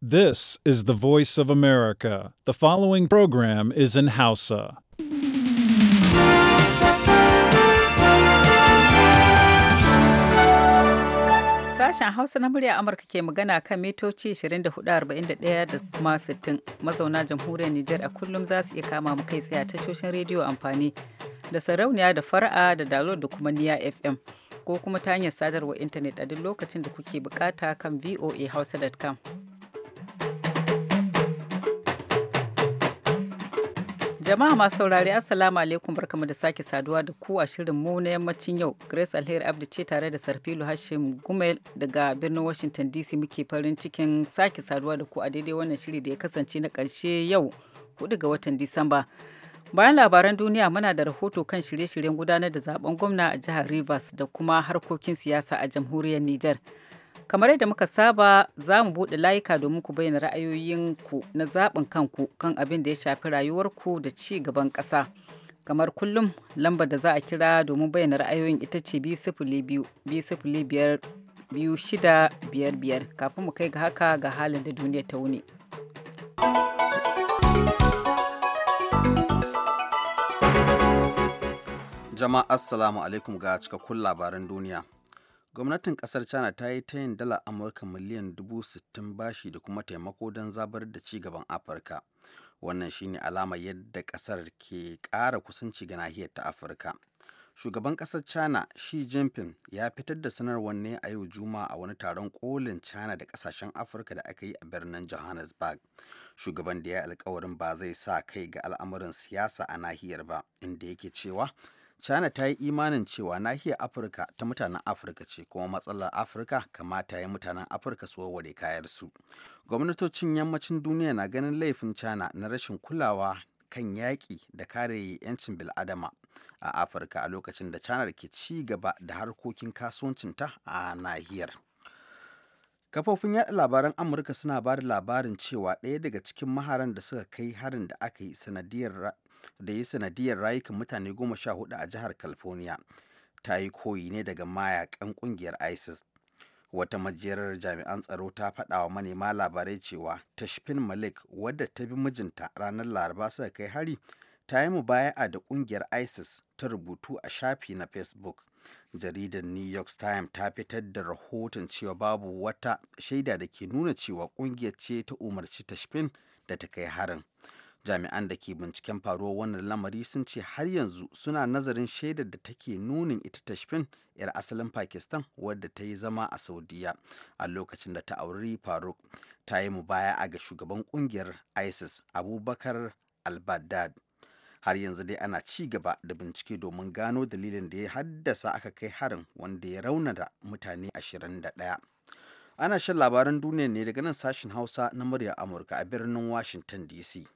This is the voice of America. The following program is in Hausa. Sashen Hausa na murya Amurka ke magana kan mitoci 24,41 da kuma 60 mazauna jamhuriyar Nijar a kullum za su iya kama mu kai tsaye a tashoshin rediyo amfani da sarauniya da fara'a da dalo da kuma niya FM ko kuma ta hanyar sadarwar intanet a duk lokacin da kuke bukata kan voahausa.com. Jama'a masu saurari Assalamu alaikum barkamu da sake saduwa da ku a shirin mu na yammacin yau. Grace Alheri Abdi ce tare da Sarfilu Hashim Gumel daga birnin Washington DC muke farin cikin sake saduwa da ku a daidai wannan shiri da ya kasance na karshe yau 4 ga watan Disamba. Bayan labaran duniya muna da rahoto kan shirye-shiryen gudanar da zaben gwamna a jihar Rivers da kuma harkokin siyasa a jamhuriyar Nijar. kamar yadda muka saba za mu buɗe layuka domin ku bayyana ra'ayoyinku na zaɓin kanku kan abin da ya shafi rayuwarku da ci gaban ƙasa kamar kullum lambar da za a kira domin bayyana ra'ayoyin ita ce biyu kafin mu kai ga haka ga halin da duniya ta wuni jama'a assalamu alaikum ga cikakkun labaran duniya gwamnatin kasar china ta yi tayin dala amurka miliyan dubu sittin bashi da kuma taimako don zabar da ci gaban afirka wannan shine alamar yadda kasar ke ƙara kusanci ga nahiyar ta afirka shugaban kasar china xi jinping ya fitar da sanarwar ne a yau juma a wani taron kolin china da kasashen afirka da aka yi a birnin johannesburg shugaban da ya alkawarin ba zai sa kai ga al'amuran siyasa a nahiyar ba inda yake cewa China ta yi imanin cewa nahiyar Afirka ta mutanen Afirka ce kuma matsalar Afirka kamata ya mutanen Afirka su warware su Gwamnatocin yammacin duniya na ganin laifin China na rashin kulawa kan yaƙi da kare 'yancin bil'adama a Afirka a lokacin da China ke ci gaba da harkokin kasuwancinta a nahiyar. Kafofin yaɗa labaran Amurka suna ba da labarin cewa ɗaya daga cikin maharan da suka kai harin da aka yi sanadiyar da ya sanadiyar rayukan mutane goma sha hudu a jihar California ta yi koyi ne daga mayakan kungiyar ISIS. Wata majiyar jami'an tsaro ta faɗa wa manema labarai cewa Tashfin Malik wadda ta bi mijinta ranar Laraba suka kai hari ta yi mubaya'a da kungiyar ISIS ta rubutu a shafi na Facebook. jaridar new york times ta fitar da rahoton cewa babu wata shaida da ke nuna cewa kungiyar ce ta umarci tashfin da ta kai harin jami'an da ke binciken faruwar wannan lamari sun ce har yanzu suna nazarin shaidar da take nunin ita tashfin yar asalin pakistan wadda ta yi zama a saudiya a lokacin da ta auri faruk ta yi mu baya a ga shugaban kungiyar isis abubakar al-baghdad har yanzu dai ana ci gaba da bincike domin gano dalilin da ya haddasa aka kai harin wanda ya rauna da mutane 21 ana shan labaran duniya ne daga nan sashen hausa na muryar amurka a birnin washington dc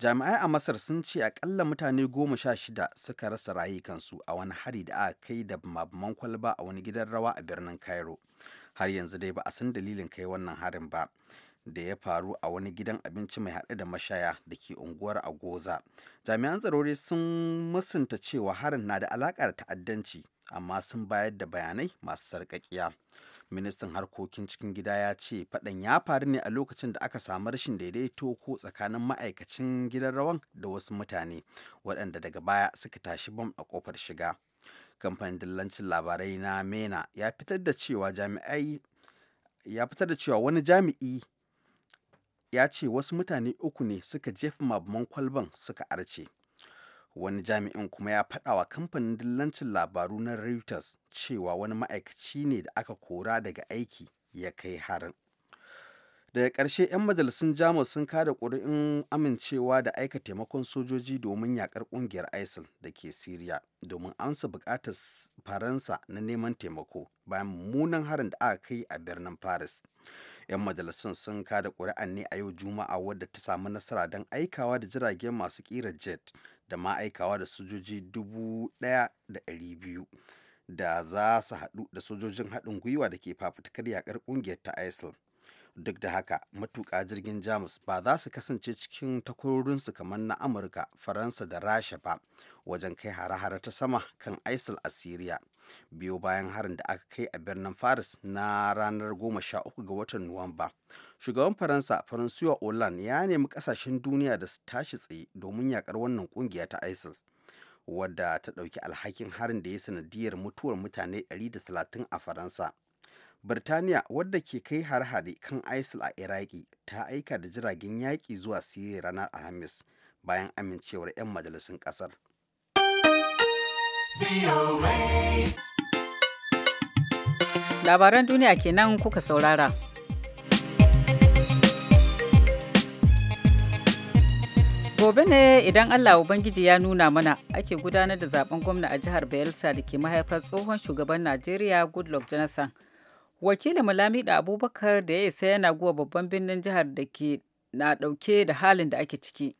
jami'ai a masar sun ce akalla mutane goma sha shida suka rasa rayukansu a wani hari da aka kai da mabman kwalba a wani gidan rawa a birnin cairo har yanzu dai ba a san dalilin kai wannan harin ba da ya faru a wani gidan abinci mai haɗe da mashaya da ke unguwar agoza jami'an tsarori sun musunta cewa harin na da alaƙa da ta'addanci amma sun bayar da bayanai masu sarƙaƙiya ministan harkokin cikin gida ya ce faɗan ya faru ne a lokacin da aka samu rashin daidaito ko tsakanin ma'aikacin gidan rawan da wasu mutane waɗanda daga baya suka tashi bam a ƙofar shiga kamfanin dillancin labarai na mena ya fitar da cewa jami'ai ya fitar da cewa wani jami'i ya ce wasu mutane uku ne suka jefa mabaman kwalban suka arce wani jami'in kuma ya faɗa wa kamfanin dillancin labaru na reuters cewa wani ma'aikaci ne da aka kora daga aiki ya kai harin daga ƙarshe 'yan majalisun jamus sun kada ƙuri'in amincewa da aika taimakon sojoji domin yakar ƙungiyar isil da ke siriya domin amsa buƙatar faransa na neman taimako bayan mummunan harin da aka kai a birnin paris 'yan majalisun sun kada ƙuri'an ne a yau juma'a wadda ta samu nasara don aikawa da jiragen masu ƙira jet da ma aikawa da sojoji 1,200 da za su haɗu da sojojin haɗin gwiwa da ke fafutukar yaƙar ƙungiyar ta isil duk da haka matuƙa jirgin jamus ba za su kasance cikin takwarorinsu kamar na amurka faransa da rasha ba wajen kai hare-hare ta sama kan isil a syria biyo bayan harin da aka kai a birnin faris na ranar 13 ga watan Nuwamba. Shugaban Faransa Faransuwa Hollande ya nemi kasashen duniya da su tashi tsaye domin yakar wannan kungiya ta ISIS. wadda ta ɗauki alhakin harin da ya sanadiyar mutuwar mutane 130 a Faransa. Birtaniya wadda ke kai har-hare kan ISIL a Iraki ta aika da jiragen yaƙi zuwa Siriya ranar Alhamis bayan amincewar 'yan majalisun ƙasar. Labaran duniya kenan kuka saurara. Gobe ne idan Allah Ubangiji ya nuna mana ake gudanar da zaben gwamna a jihar Bayelsa da ke mahaifar tsohon shugaban Najeriya Goodluck Jonathan. Wakilin Malamida Abubakar da ya isa yana guwa babban birnin jihar da ke na ɗauke da halin da ake ciki.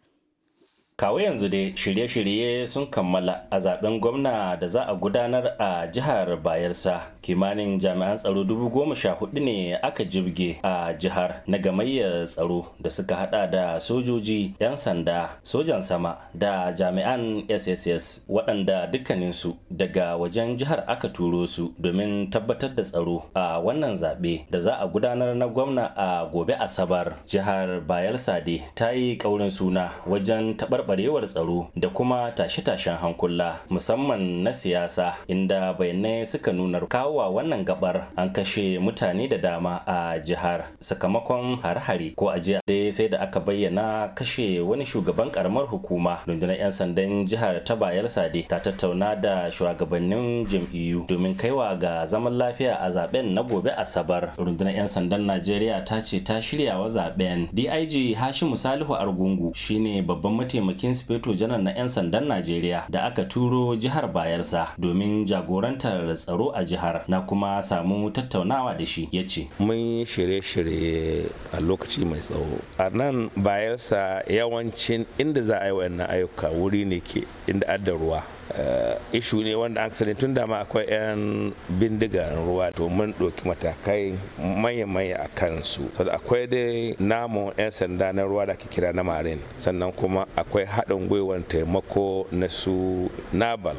kawo yanzu dai shirye-shirye sun kammala a zaben gwamna da za a gudanar a jihar bayelsa kimanin jami'an tsaro dubu goma sha hudu ne aka jibge a jihar na gamayyar tsaro da suka hada da sojoji 'yan sanda sojan sama da jami'an sss waɗanda dukkaninsu daga wajen jihar aka turo su domin tabbatar da tsaro a wannan zaɓe da za a gudanar na gwamna a gobe asabar jihar bayelsa dai ta yi ƙaurin suna wajen taɓarɓar barewar tsaro da kuma tashe-tashen hankula musamman na siyasa inda bayanai suka nuna kawowa wannan gabar an kashe mutane da dama a jihar sakamakon hare-hare ko a jiya dai sai da aka bayyana kashe wani shugaban karamar hukuma rundunar 'yan sandan jihar ta bayar sade ta tattauna da shugabannin jam'iyyu domin kaiwa ga zaman lafiya a zaben na gobe asabar rundunar 'yan sandan najeriya ta ce ta shirya wa zaben dig hashimu salihu argungu shine babban mataimakin mataimakin sufeto janar na 'yan sandan najeriya da aka turo jihar bayelsa domin jagorantar tsaro a jihar na kuma samu tattaunawa da shi ya ce mun shirye-shirye a lokaci mai tsawo a nan bayelsa yawancin inda za a yi wa ayyuka wuri ne ke inda adda ruwa Eh, ishu ne wanda an sani tun dama akwai 'yan bindiga ruwa to mun ɗauki matakai manya-manya a kansu to akwai dai namu 'yan sanda na ruwa da ke kira na marin sannan kuma akwai haɗin gwiwar taimako na su nabal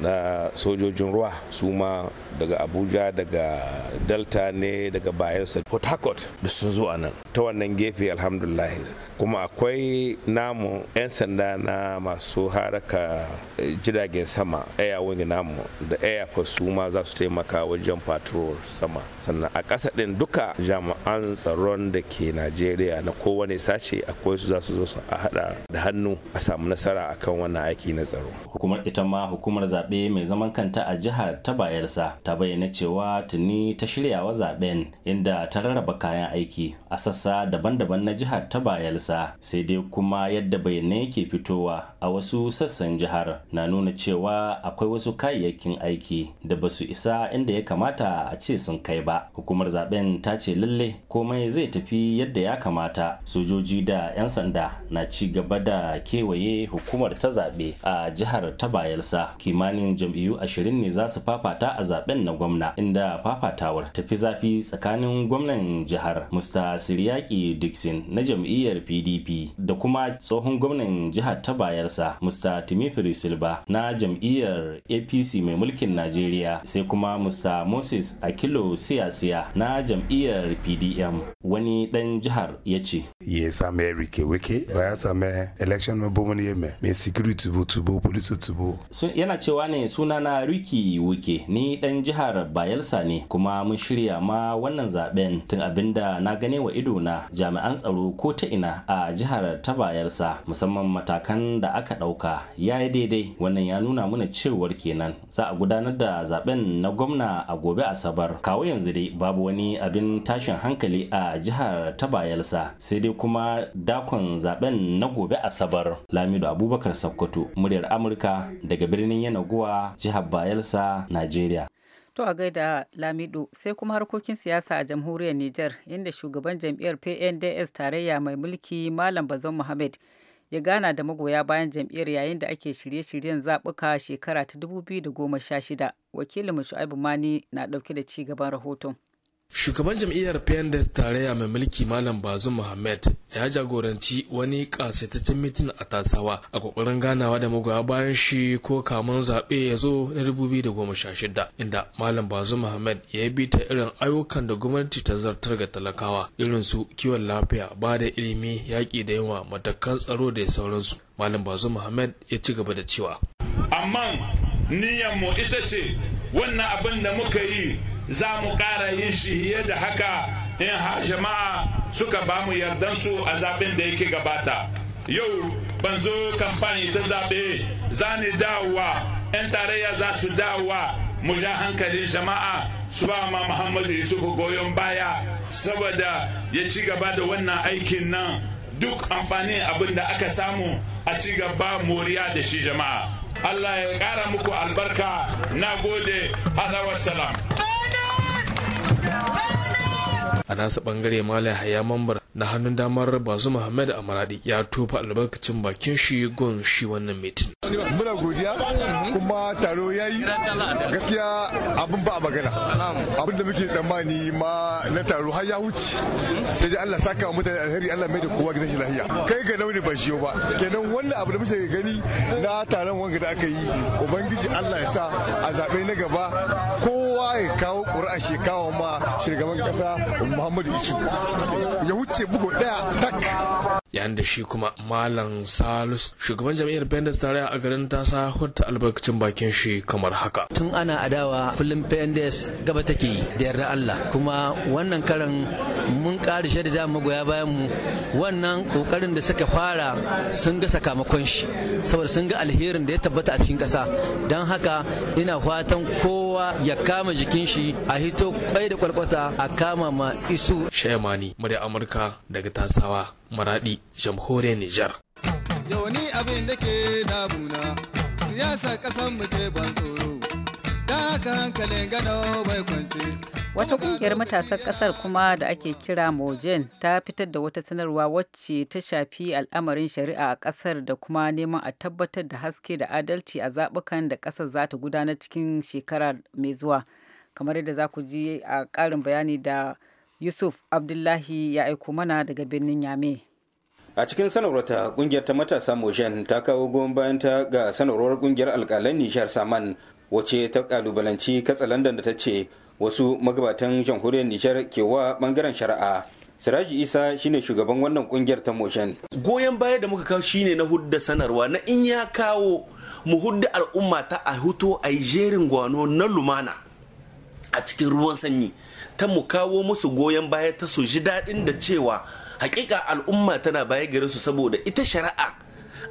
na sojojin ruwa su ma daga abuja daga delta ne daga bayelsa port harcourt da sun zo a nan ta wannan gefe alhamdulillah kuma akwai namu 'yan sanda na masu haraka eh, jiragen sama airwing namu da air su ma za su taimaka wajen patrol sama sannan a ƙasa ɗin duka jami'an tsaron da ke najeriya na kowane sace akwai su za su zo su a haɗa da hannu a samu nasara akan wannan aiki na tsaro hukumar ita ma hukumar zaɓe mai zaman kanta a jihar ta bayelsa ta bayyana cewa tuni ta shirya wa zaben inda ta rarraba kayan aiki a sassa daban-daban na jihar ta bayelsa sai dai kuma yadda bayyana yake fitowa a wasu sassan jihar na nuna cewa akwai wasu kayayyakin aiki da ba su isa inda ya kamata a ce sun kai ba hukumar zaben ta ce lalle komai zai tafi yadda ya kamata sojoji da 'yan sanda na ci gaba da kewaye hukumar ta zaɓe a jihar ta bayelsa kimanin jam'iyyu ashirin ne za su fafata a zaben zaben na gwamna inda fafatawar tafi zafi tsakanin gwamnan jihar musta siriyaki dixon na jam'iyyar pdp da kuma tsohon gwamnan jihar ta bayarsa musta timifiri silba na jam'iyyar apc mai mulkin najeriya sai kuma musta moses akilo siyasiya na jam'iyyar pdm wani dan jihar ya ce ya same rike wike ba ya same election mai security tubo tubo police tubo yana cewa ne sunana riki wike ni dan jihar bayelsa ne kuma mun shirya ma wannan zaben tun abinda na gane wa ido na jami'an tsaro ko ta ina a jihar ta bayelsa musamman matakan da aka ɗauka ya yi daidai wannan ya nuna mana cewar kenan za a gudanar da zaben na gwamna a gobe asabar kawo yanzu dai babu wani abin tashin hankali a jihar ta bayelsa sai dai kuma dakon zaben na gobe asabar lamido abubakar sakkwato muryar amurka daga birnin yanaguwa jihar bayelsa najeriya To a gaida Lamido sai kuma harkokin siyasa a jamhuriyar Nijar inda shugaban jam'iyyar PNDS tarayya mai mulki Malam Bazon Muhammad ya gana da magoya bayan jam'iyyar yayin da ake shirye-shiryen zaɓuka shekara ta 2016. Wakilin Shu'aibu Mani na ɗauke da ci gaban rahoton. Shugaban jam'iyyar PNDS tarayya mai mulki Malam Bazum Muhammad ya jagoranci wani kasaitaccen mitin a tasawa a kokarin ganawa da magoya bayan shi ko kamun zaɓe ya zo na 2016 inda Malam Bazum Muhammad ya yi bita irin ayyukan da gwamnati ta zartar ga talakawa irin su kiwon lafiya ba da ilimi yaƙi da yawa matakan tsaro da sauransu. Malam Bazum Muhammad ya ci gaba da cewa. Amma niyyar mu ita ce wannan abin da muka yi za mu ƙara yin shi da haka in ha jama'a suka ba mu yardansu a zaɓen da yake gabata yau ban zo kamfani ta zaɓe za ni dawowa 'yan tarayya za su dawowa mu ja hankalin jama'a su ba ma muhammadu yusufu goyon baya saboda ya ci gaba da wannan aikin nan duk amfanin abin da aka samu a ci gaba moriya da shi jama'a allah ya ƙara muku albarka na gode ala salam a nasa bangare malam haya mambar na hannun damar bazu muhammad amaradi ya tofa albarkacin bakin shi gun shi wannan mitin muna godiya kuma taro ya yi gaskiya abin ba a magana abin da muke tsammani ma na taro har ya wuce sai dai Allah saka mutane alheri Allah mai da kowa gidan shi lahiya kai ga nauni ba shi ba kenan wannan abu da muke gani na taron wanga da aka yi ubangiji Allah ya sa a zabe na gaba kowa ya kawo ƙuri'a shi kawo ma shugaban ƙasa Muhammadu Isu ya wuce bugu ɗaya tak yayin da shi kuma malam salus shugaban jam'iyyar pendas tare a garin ta sa hurta albarkacin bakin shi kamar haka tun ana adawa kullum pendas gaba take da yarda allah kuma wannan karan mun ƙara da dama magoya bayan mu wannan kokarin da suka fara sun ga sakamakon shi saboda sun ga alherin da ya tabbata a cikin kasa don haka ina fatan kowa ya kama jikin shi a hito kwai da kwalkwata a kama ma isu shemani murya amurka daga tasawa maradi jamhuriyar nijar yawani abin da ke damuna siyasa kasan muke ban tsoro da haka hankalin gano bai kwance wata kungiyar matasan kasar kuma da ake kira mojen ta fitar da wata sanarwa wacce ta shafi al'amarin shari'a a kasar da kuma neman a tabbatar da haske da adalci a zabukan da kasar za ta gudanar cikin shekara mai zuwa kamar yadda za ku ji a ƙarin bayani da Yusuf Abdullahi ya aiko mana daga birnin Yame. a cikin ta, kungiyar ta matasa Moshan ta kawo goyon bayan ta ga sanarwar kungiyar alkalan nishar saman wace ta kalubalanci katsalandan da ta ce wasu magabatan jamhuriyar nishar ke wa bangaren shari'a Siraji Isa shine shugaban wannan kungiyar ta Moshan. Goyon baya da muka kawo shine na hudda sanarwa na in ya kawo mu hudda al'umma ta a huto a yi jerin gwano na lumana. a cikin ruwan sanyi ta mu kawo musu goyon baya ta su ji daɗin da cewa hakika al'umma tana baya gare su saboda ita shari'a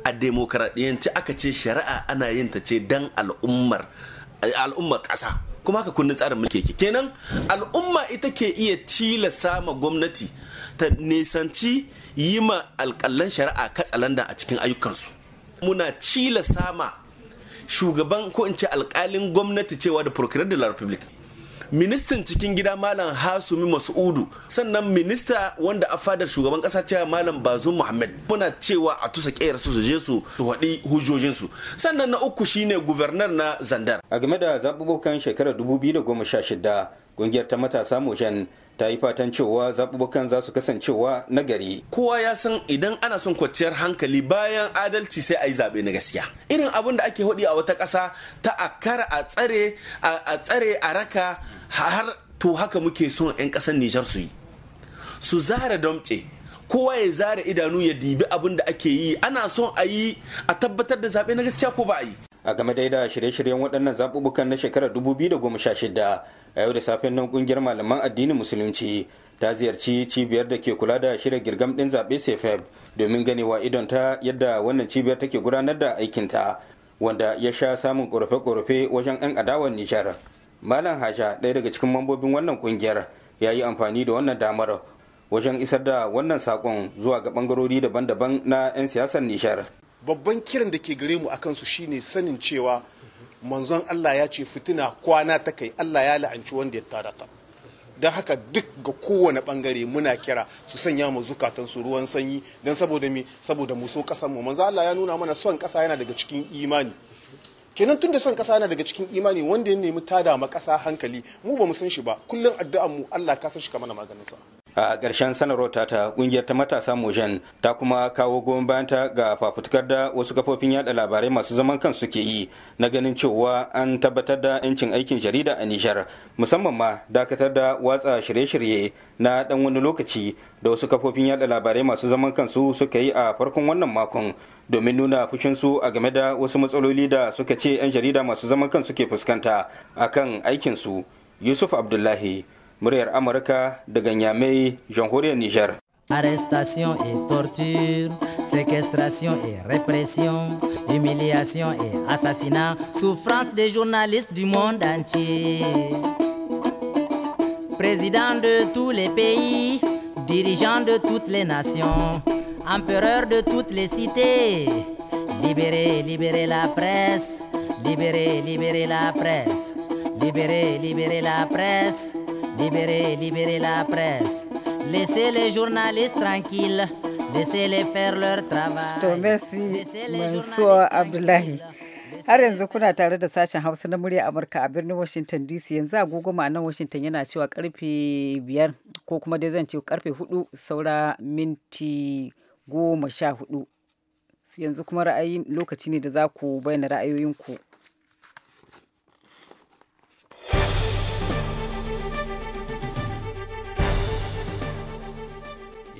a demokaradiyanci aka ce shari'a ana yin ta ce dan al'ummar al'ummar ƙasa kuma haka kundin tsarin mulki yake kenan al'umma ita ke iya tilasa sama gwamnati ta nisanci yi ma alƙallan shari'a katsalanda a cikin ayyukansu muna cilasa sama shugaban ko in ce alƙalin gwamnati cewa da procurator de republic ministan cikin gida malam hasumi masudu sannan minista wanda a fadar shugaban kasa cewa malam bazum muhammad muna cewa a tusa kayar su je su waɗi hujjojinsu sannan na uku shine gubernar na zandar a game da zaɓuɓɓukan shekarar 2016 ƙungiyar ta matasa mojan ta yi fatan cewa zaɓuɓɓukan za su kasancewa na gari. Kowa ya san idan ana son kwanciyar hankali bayan adalci sai a yi zaɓe na gaskiya. Irin abin da ake hudi a wata ƙasa ta a kara a tsare a tsare a raka har to haka muke son 'yan ƙasar Nijar su yi. Su zara damce kowa ya zara idanu ya dibi abin da ake yi ana son a yi a tabbatar da zaɓe na gaskiya ko ba a yi. a game da da shirye-shiryen waɗannan zaɓuɓɓukan na shekarar 2016 a yau da safen nan ƙungiyar malaman addinin musulunci ta ziyarci cibiyar da ke kula da shirya girgam ɗin zaɓe sefeb domin ganewa idon ta yadda wannan cibiyar take gudanar da aikinta wanda ya sha samun ƙorafe-ƙorafe wajen 'yan adawar nijar malam haja ɗaya daga cikin mambobin wannan ƙungiyar ya yi amfani da wannan damar wajen isar da wannan saƙon zuwa ga ɓangarori daban-daban na 'yan siyasar nijar. babban kiran da ke gare mu akan su shine sanin cewa manzon Allah ya ce fitina kwana ta kai Allah ya la'anci wanda ya tara ta don haka duk ga kowane bangare muna kira su sanya mu zukatan su ruwan sanyi don saboda mi saboda mu so kasan mu manzo Allah ya nuna mana son kasa yana daga cikin imani kenan tunda son kasa yana daga cikin imani wanda ya nemi tada ma kasa hankali mu ba mu san shi ba kullum addu'an mu Allah ka san shi kamar maganin sa a ƙarshen sanarwar ta ƙungiyar ta matasa mojan ta kuma kawo goyon bayanta ga fafutukar da wasu kafofin yada labarai masu zaman kansu ke yi na ganin cewa an tabbatar da 'yancin aikin jarida a nijar musamman ma dakatar da watsa shirye-shirye na dan wani lokaci da wasu kafofin yada labarai masu zaman kansu suka yi a farkon wannan makon domin nuna fushin su a game da wasu matsaloli da suka ce 'yan jarida masu zaman kansu ke fuskanta akan aikinsu yusuf abdullahi muryar amurka daga nyamai jamhuriyar Niger. Arrestation et torture, séquestration et répression, humiliation et assassinat, souffrance des journalistes du monde entier. Président de tous les pays, dirigeant de toutes les nations, empereur de toutes les cités, libérez, libérez la presse, libérez, libérez la presse, libérez, libérez la presse. Libérez, libérez la presse. Laissez les journalistes tranquilles. Laissez-les faire leur travail. To merci Mansour Abdullahi. Har yanzu kuna tare da sashen Hausa na murya Amurka a birnin Washington DC yanzu agogo nan Washington yana cewa karfe biyar ko kuma dai zan ce karfe hudu saura minti goma sha hudu. Yanzu kuma ra'ayi lokaci ne da za ku bayyana ra'ayoyinku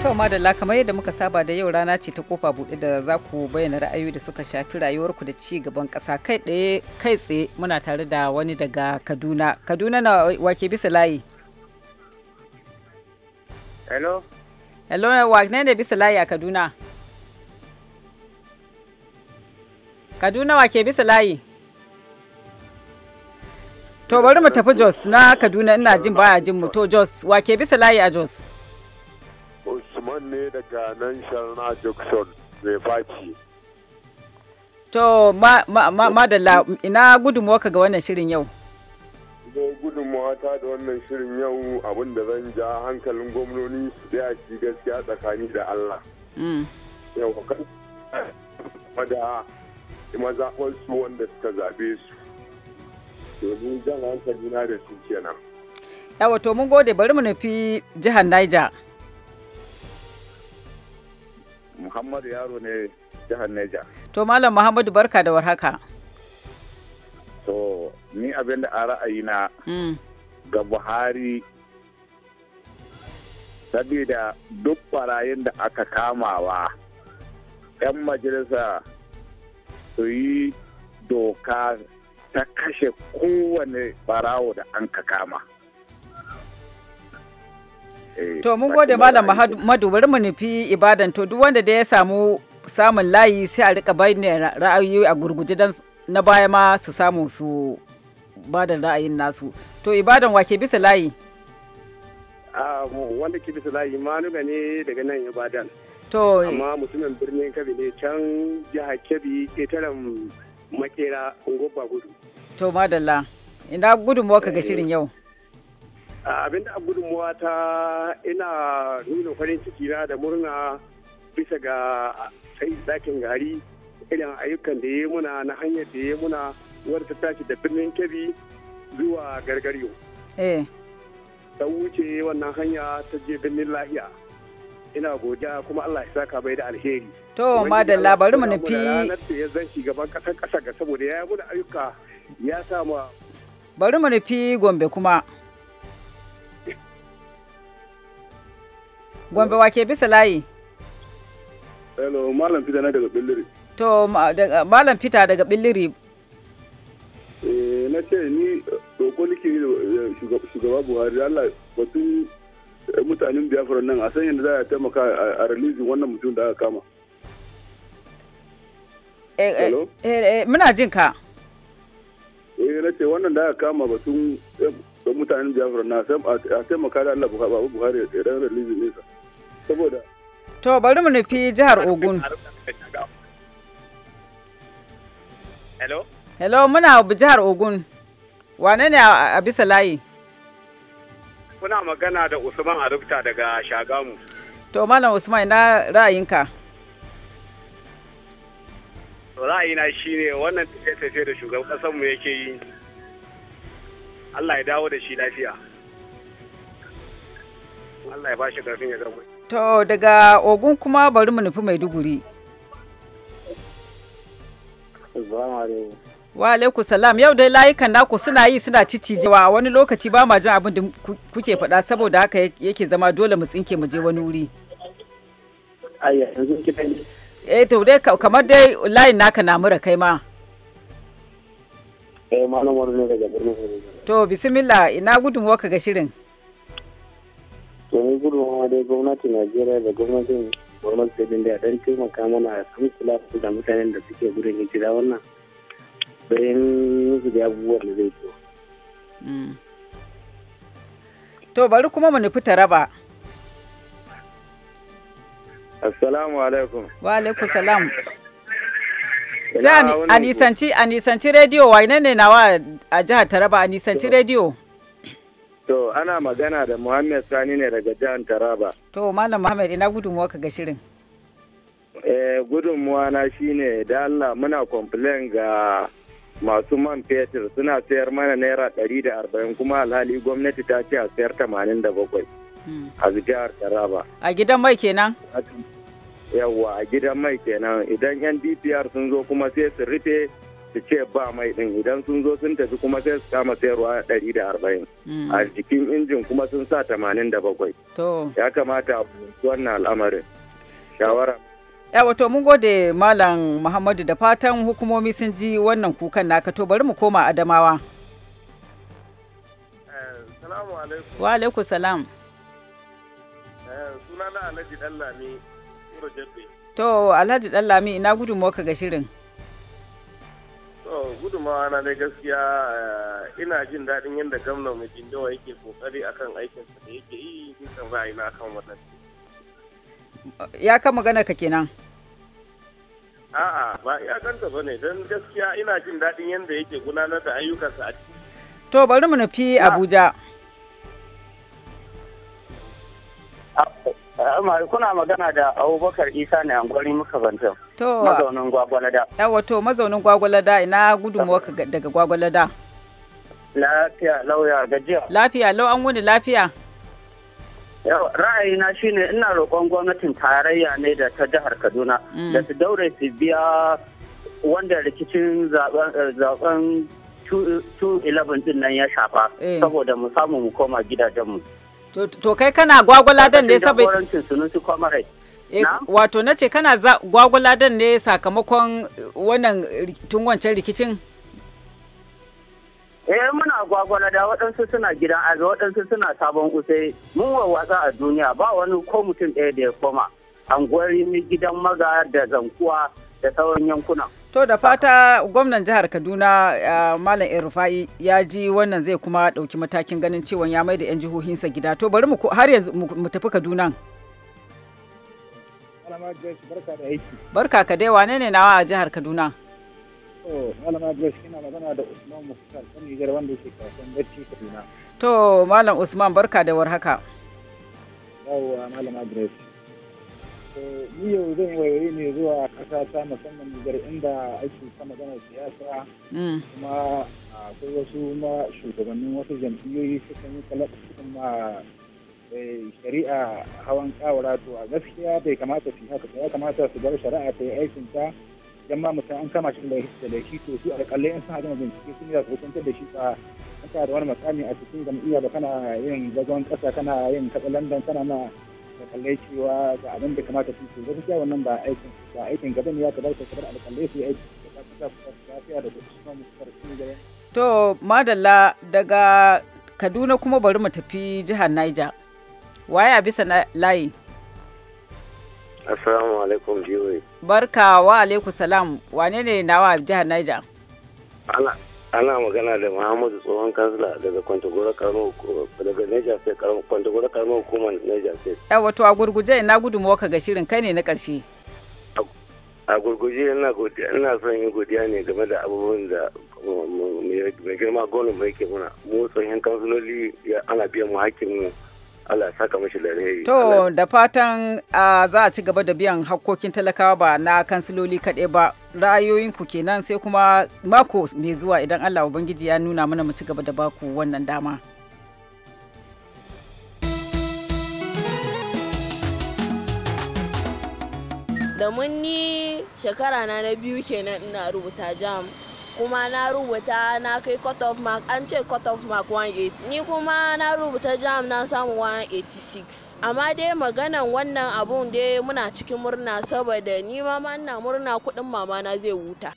To madalla kamar yadda muka saba da yau rana ce ta kofa buɗe da za ku bayyana ra'ayoyi da suka shafi rayuwarku da ci gaban ƙasa kai ɗaya kai tsaye muna tare da wani daga Kaduna. Kaduna na wake bisa layi. Hello. Hello wake ne bisa layi a Kaduna? Kaduna wake bisa layi. To bari mu tafi Jos na Kaduna ina jin baya jin mu to Jos wake bisa layi a Jos. Usman ne daga nan Sharna Jackson mai faci. To, madalla ina gudunmuwa ka ga wannan shirin yau? Zai gudunmuwa ta da wannan shirin yau abinda zan ja hankalin gwamnoni su da shi gaskiya tsakani da Allah. Mm. Yau, kan da mazaɓarsu wanda suka zaɓe su. Domin jan hankali na da su kenan. Yawa, to mun gode bari mu nufi jihar Niger. Muhammadu Yaro ne jihar Neja. To Malam Muhammadu barka da warhaka. To ni abin da a ra'ayina mm. ga Buhari saboda duk barayin da aka kamawa 'yan majalisa su yi doka ta kashe kowane barawo da an ka kama. Eh, to mun gode Malam Madu bari mu nufi Ibadan to duk wanda da ya samu samun layi sai a rika bayyana ra'ayoyi a gurguje dan na baya ma su samu su ba da ra'ayin nasu. To Ibadan wake bisa layi? wanda ke bisa layi manuga ne daga nan Ibadan. To amma mutumin birnin Kebbi ne can jiha Kebbi ƙetaren makera Ungobba Gudu. To madalla ina gudun ka ga shirin eh, yau. abin da gudunmuwa ta ina nuna farin ciki na da murna bisa ga sai zakin gari irin ayyukan da ya muna na hanyar da ya muna wadda ta tashi da birnin kebi zuwa gargaryo eh. ta wuce wannan hanya ta je birnin lahiya ina godiya kuma Allah ya saka bai da alheri to madalla bari mu nufi ya zan kasar kasa ga saboda ya yi muna ayyuka ya bari mu nufi gombe kuma Gombe wake bisa layi. Hello, Malam Fita na daga Billiri. To, eh, Malam Fita daga Billiri. Eh, na ce ni eh, roƙo nake eh, shugaba Buhari Allah batun mutanen Biafra nan a san yadda za a taimaka a release wannan mutum da aka kama. Eh, muna jin ka. Eh, na ce wannan da aka kama batun mutanen Biafra na a taimaka da Allah Buhari ya ɗan release nesa. saboda to bari mu nufi jihar ogun hello hello muna jihar ogun wane ne a bisa layi kuna magana da usman arubta daga shagamu to malam usman na ra'ayinka ra'ayina shine wannan tafiye-tafiye da shugaban kasan mu yake yi Allah ya dawo da shi lafiya Allah ya ba shi ya zama To daga Ogun kuma bari mu nufi Maiduguri. Wa alaikum salam yau dai layukan naku suna yi suna cicijewa a wani lokaci ba ma jin abin da kuke faɗa saboda haka yake zama dole mu tsinke mu je wani wuri. Eh to dai kamar dai layin naka na mura kai ma. Eh malam ne daga birnin. To bisimila ina gudun waka ga shirin. domin gudunmawa dai gwamnati najeriya da gwamnatin gwamnati da dindiya don taimaka mana a kan kula da mutanen da suke gudun hijira wannan bayan musu da abubuwan da zai so. Mm. to bari kuma mu nufi taraba. assalamu alaikum wa alaikum salam za a nisanci rediyo wa ne nawa a jihar taraba a nisanci rediyo To ana magana da Muhammad Sani ne daga jihar Taraba. To Malam Muhammad ina gudunmuwa ka ga shirin. Eh gudunmuwa na shine da Allah muna complain ga masu man fetur suna sayar mana naira ɗari da arba'in kuma alhali gwamnati ta ce a sayar tamanin da bakwai. Hmm. A jihar Taraba. A gidan mai kenan? Yawwa a gidan mai kenan idan yan DPR sun zo kuma sai su rufe su ce ba mai din idan sun zo sun tafi kuma sai su kama sayarwa ɗari da arba'in mm. a jikin injin kuma sun sa tamanin da bakwai ya kamata wannan al'amarin shawara ya to mun gode malam muhammadu da fatan hukumomi sun ji wannan kukan naka to bari mu koma adamawa wa alaikum salam eh, sunana alhaji dallami to alhaji dallami ina gudun ka ga shirin gudunmawa na da gaskiya eh, ina jin daɗin yadda gwamnan mai jindawa yake kokari akan aikinsa da yake yi nisan ra'ayi na kan wannan ya ka magana ka kenan a'a ba iyakanta ba ne don gaskiya ina jin daɗin yadda yake gudanar da ayyukansa a cikin. to bari mu nufi abuja kuna magana da abubakar isa ne angwari muka Banta, to mazaunin gwagwalada yawa to mazaunin gwagwalada ina gudunmuwa daga gwagwalada lafiya lauya gajiya lafiya lau an wuni lafiya ra'ayina shine ina roƙon gwamnatin tarayya ne da ta jihar kaduna mm. da su daure su biya wanda rikicin zaben 211 din nan ya shafa eh. saboda mu samu mu koma gidajenmu. mu To kai kana gwagwaladan ne saboda eh, wato na ce kana gwagwaladan ne sakamakon eh, wannan tun wancan rikicin? eh muna gwagwana da waɗansu suna gidan aza waɗansu suna sabon usai mun wawatsa a duniya ba wani ko mutum ɗaya da ya koma anguwar gidan maga da zankuwa da sauran yankunan To da fata gwamnan jihar Kaduna eh, Malam Rufa'i ya ji wannan zai kuma ɗauki matakin ganin cewa ya mai da 'yan jihohinsa gida. To bari mu har yanzu mu tafi Kaduna. Barka ka dai wane ne nawa a jihar Kaduna? To Malam Usman barka da warhaka. Yawwa malam Grace. Eh, ni yau zan wayoyi ne zuwa kasa ta musamman nigar inda ake ta maganar siyasa mm. kuma akwai wasu ma shugabannin wasu jam'iyyoyi suka yi kalaka ma eh, shari'a hawan kawara to a gaskiya bai kamata su haka ya kamata su bar shari'a ta yi aikin ta yamma an kama shi da laifi to su alƙalle in sun haɗu bincike sun yi kusantar da shi ba an da wani makami a cikin jam'iyya ba kana yin zagon ƙasa kana yin katsalandan kana ma alƙalai cewa ga abin da kamata su ce gaskiya wannan ba aikin ba aikin gaban ya ka su kamar alƙalai su aiki da kasa su lafiya da kuma mu karfi gaba to madalla daga Kaduna kuma bari mu tafi jihar Niger waye a bisa layi Assalamu alaikum Jiwe. Barka wa alaikum salam wane ne nawa jihar Niger ana magana da muhammadu tsohon kansila daga kwantagora karamar daga niger state kwantagora hukumar niger state wato a gurguje na gudunmuwa ka ga shirin kai ne na karshe a gurguje ina son yin godiya ne game da abubuwan da mai girma gwamnati mai ke muna mu tsohon kansiloli ana biyan mu hakkin mu Allah saka mishi To da fatan za a ci gaba da biyan hakkokin talakawa ba na kansiloli kaɗai ba rayoyin ku kenan sai kuma mako mai zuwa idan Allah Ubangiji ya nuna mana mu ci gaba da baku wannan dama. Da mun ni shekara na na biyu kenan ina rubuta jam kuma na rubuta na kai cut of mark an ce cut of mark 180 ni kuma na rubuta jam na samu 186 amma dai maganan wannan abun dai muna cikin murna saboda ni ma na murna kuɗin mama na zai wuta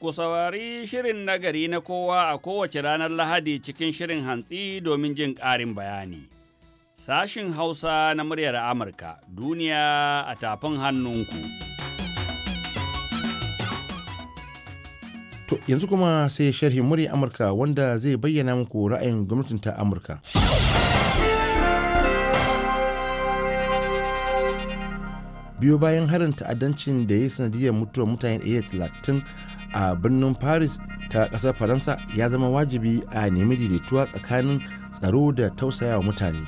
Ku saurari shirin nagari na kowa a kowace ranar Lahadi cikin shirin hantsi domin jin ƙarin bayani. Sashin Hausa na muryar Amurka, duniya a tafin hannunku. To yanzu kuma sai sharhin murya Amurka wanda zai bayyana muku ra'ayin gwamnatin ta Amurka. Biyo bayan harin ta'addancin da ya yi sanadiyar mutuwa mutane 130 a birnin Paris ta ƙasar Faransa ya zama wajibi a nemi daidaituwa tsakanin tsaro da tausaya wa mutane.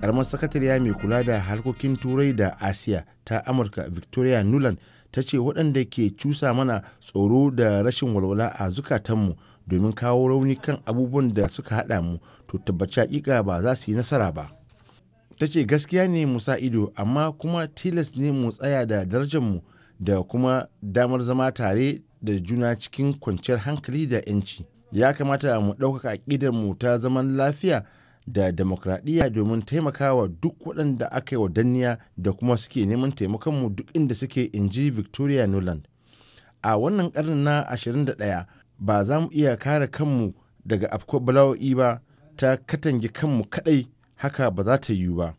Ƙaramar sakatariya mai kula da harkokin Turai da Asiya ta Amurka Victoria Nuland ta ce waɗanda ke cusa mana tsoro da rashin walwala a zukatanmu domin kawo rauni kan abubuwan da suka haɗa mu to tabbaci hakika ba za su yi nasara ba ta ce gaskiya ne mu sa ido amma kuma tilas ne mu tsaya da darajarmu da kuma damar zama tare da juna cikin kwanciyar hankali da 'yanci ya kamata mu ɗaukaka aƙidar mu ta zaman lafiya da demokradiyya domin taimakawa duk waɗanda aka yi wa danniya da kuma suke neman taimakonmu duk inda suke inji victoria nuland a wannan karni na 21 ba za mu iya kare kanmu daga afko bala'o'i ba ta katange kanmu kadai haka ba za ta yiwu ba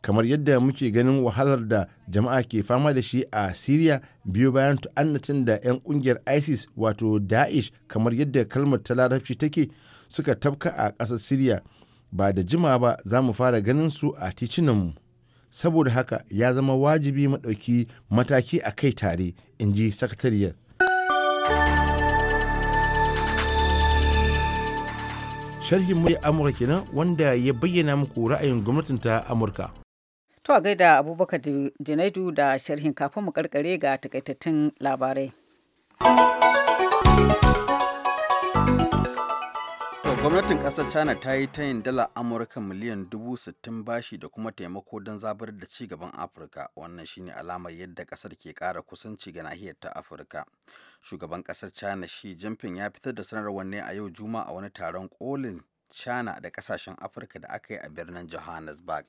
kamar yadda muke ganin wahalar da jama'a ke fama da shi a syria biyo bayan tu'annatin da 'yan kungiyar isis wato da'ish kamar yadda kalmar ta larabci take suka tabka a ƙasar syria ba da jima ba za mu fara ganin su a titunanmu saboda haka ya zama wajibi mu ɗauki mataki a kai tare in ji sakatariyar sharhin mai amurka kenan wanda ya bayyana muku ra'ayin gwamnatin ta amurka to a gaida abubakar janaidu da sharhin kafin mu karkare ga takaitattun labarai gwamnatin kasar china ta yi tayin dala amurka miliyan dubu sittin bashi da kuma taimako don zabar da ci gaban afirka wannan shine alamar yadda kasar ke kara kusanci ga nahiyar ta afirka shugaban kasar china shi jinping ya fitar da sanarwar ne a yau juma a wani taron kolin china da kasashen afirka da aka yi a birnin johannesburg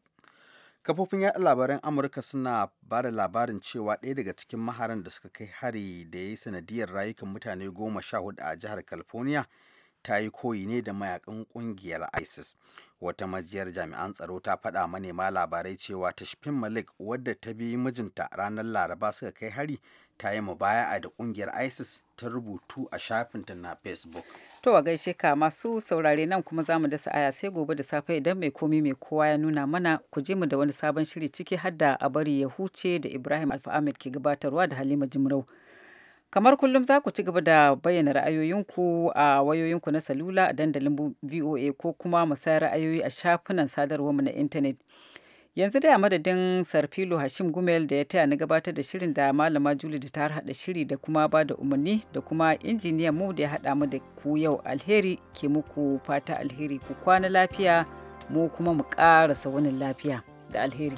kafofin yaɗa labaran amurka suna ba da labarin cewa ɗaya daga cikin maharan da suka kai hari da ya yi sanadiyar rayukan mutane goma sha hudu a jihar california ta yi koyi ne da mayakan kungiyar isis wata majiyar jami'an tsaro ta faɗa manema labarai cewa tashfin malik wadda ta bi mijinta ranar laraba suka kai hari ta yi a da kungiyar isis ta rubutu a shafinta na facebook to a gaishe ka masu saurare nan kuma za mu dasa aya sai gobe da safe idan mai komi mai kowa ya nuna mana ku je mu da wani sabon shiri ciki har da a bari ya huce da ibrahim alfa ke gabatarwa da halima jimrau Kamar kullum za ku ci gaba da bayyana ra'ayoyinku a wayoyinku na salula a dandalin VOA ko kuma musayar ra'ayoyi a shafunan mu na intanet. Yanzu dai a madadin Sarfilo Hashim Gumel da ya taya na gabatar da shirin da Malama Juli da ta haɗa shiri da kuma ba da umarni da kuma injiniyan mu da ya haɗa mu da ku yau alheri ke muku fata alheri ku kwana lafiya mu kuma mu ƙara wani lafiya da alheri.